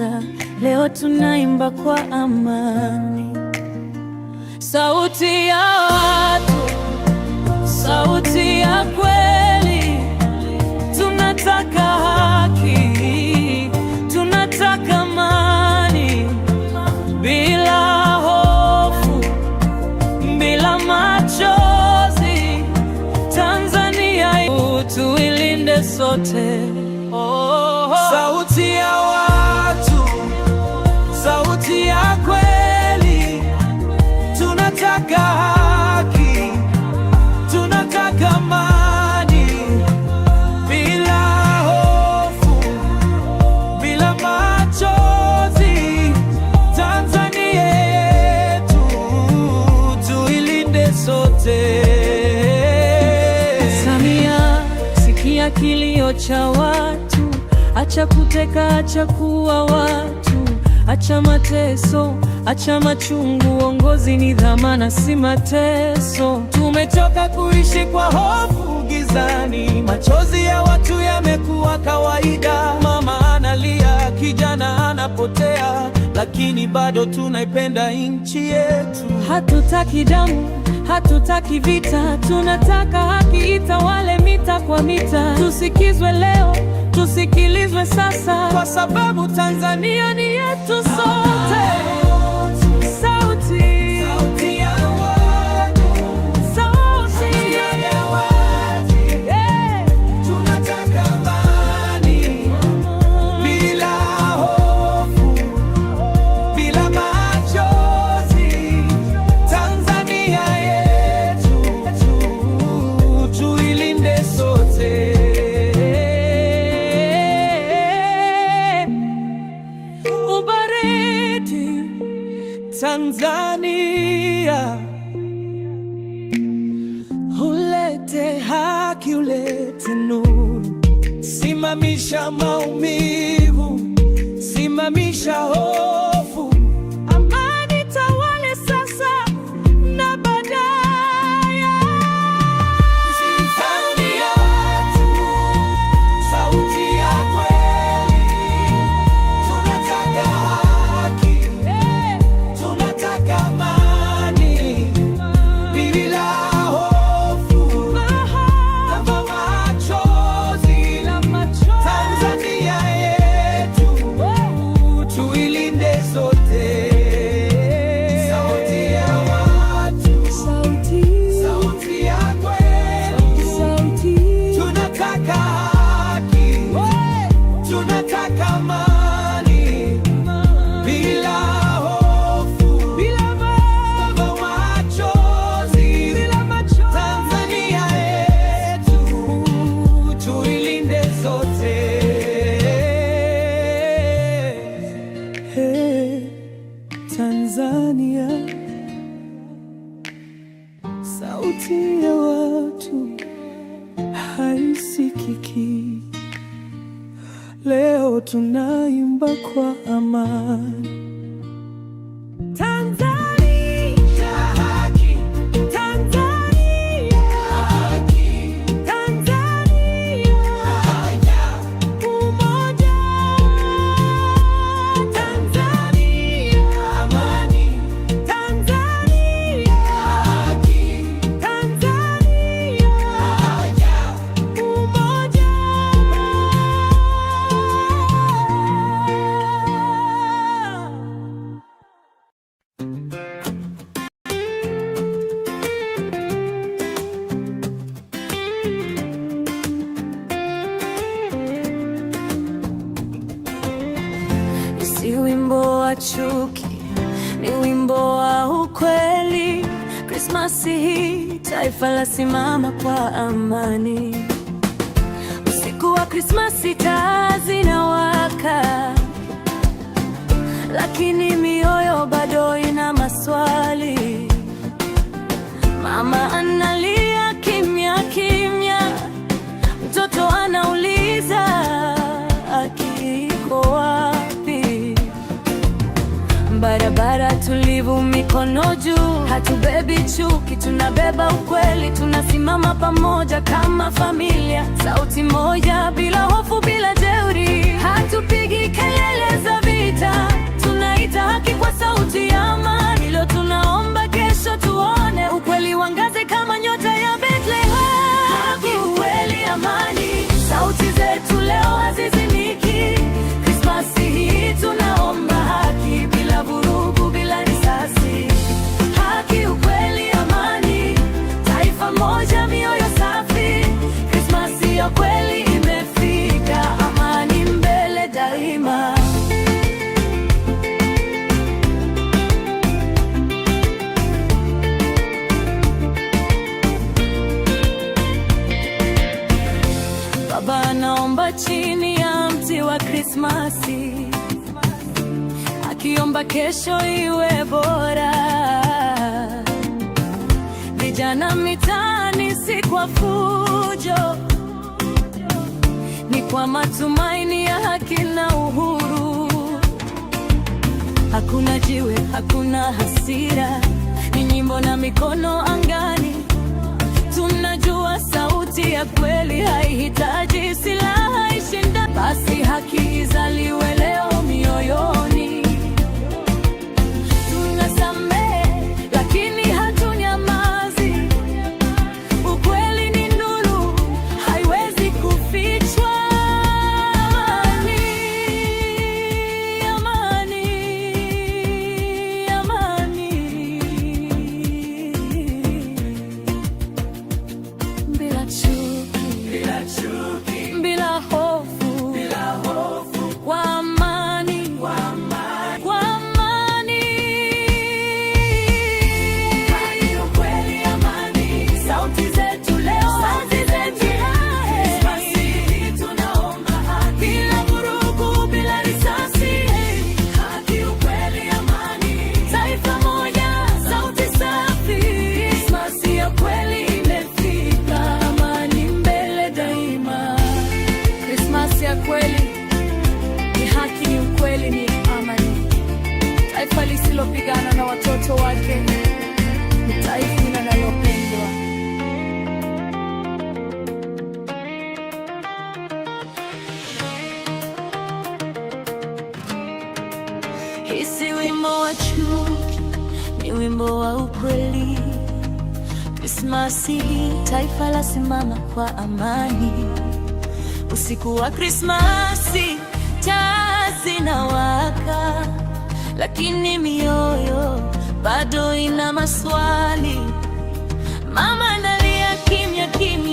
kwanza, leo tunaimba kwa amani. Sauti ya watu, sauti ya kweli, tunataka haki, tunataka amani, bila hofu, bila machozi. Tanzania tuilinde sote. Oh, oh. Sauti ya acha watu, acha kuteka, acha kuwa watu, acha mateso, acha machungu. Uongozi ni dhamana, si mateso. Tumechoka kuishi kwa hofu gizani, machozi ya watu yamekuwa kawaida. Mama analia, kijana anapotea, lakini bado tunaipenda nchi yetu, hatutaki damu Hatutaki vita, tunataka haki itawale mita kwa mita. Tusikizwe leo, tusikilizwe sasa, kwa sababu Tanzania ni yetu sote. Simamisha maumivu, simamisha ho haisikiki. Leo tunaimba kwa amani. chuki, ni wimbo wa ukweli. Krismasi hii taifa la simama kwa amani. Usiku wa Krismasi taa zinawaka, lakini mioyo bado ina maswali. Mama analia mikono juu, hatubebi chuki, tunabeba ukweli, tunasimama pamoja kama familia, sauti moja. kwamba kesho iwe bora. Vijana mitaani si kwa fujo, ni kwa matumaini ya haki na uhuru. Hakuna jiwe, hakuna hasira, ni nyimbo na mikono angani. Tunajua sauti ya kweli haihitaji wa ni wimbo wa ukweli. Krismasi taifa la simama kwa amani. Usiku wa Krismasi taa zinawaka, lakini mioyo bado ina maswali. Mama analia kimya kimya.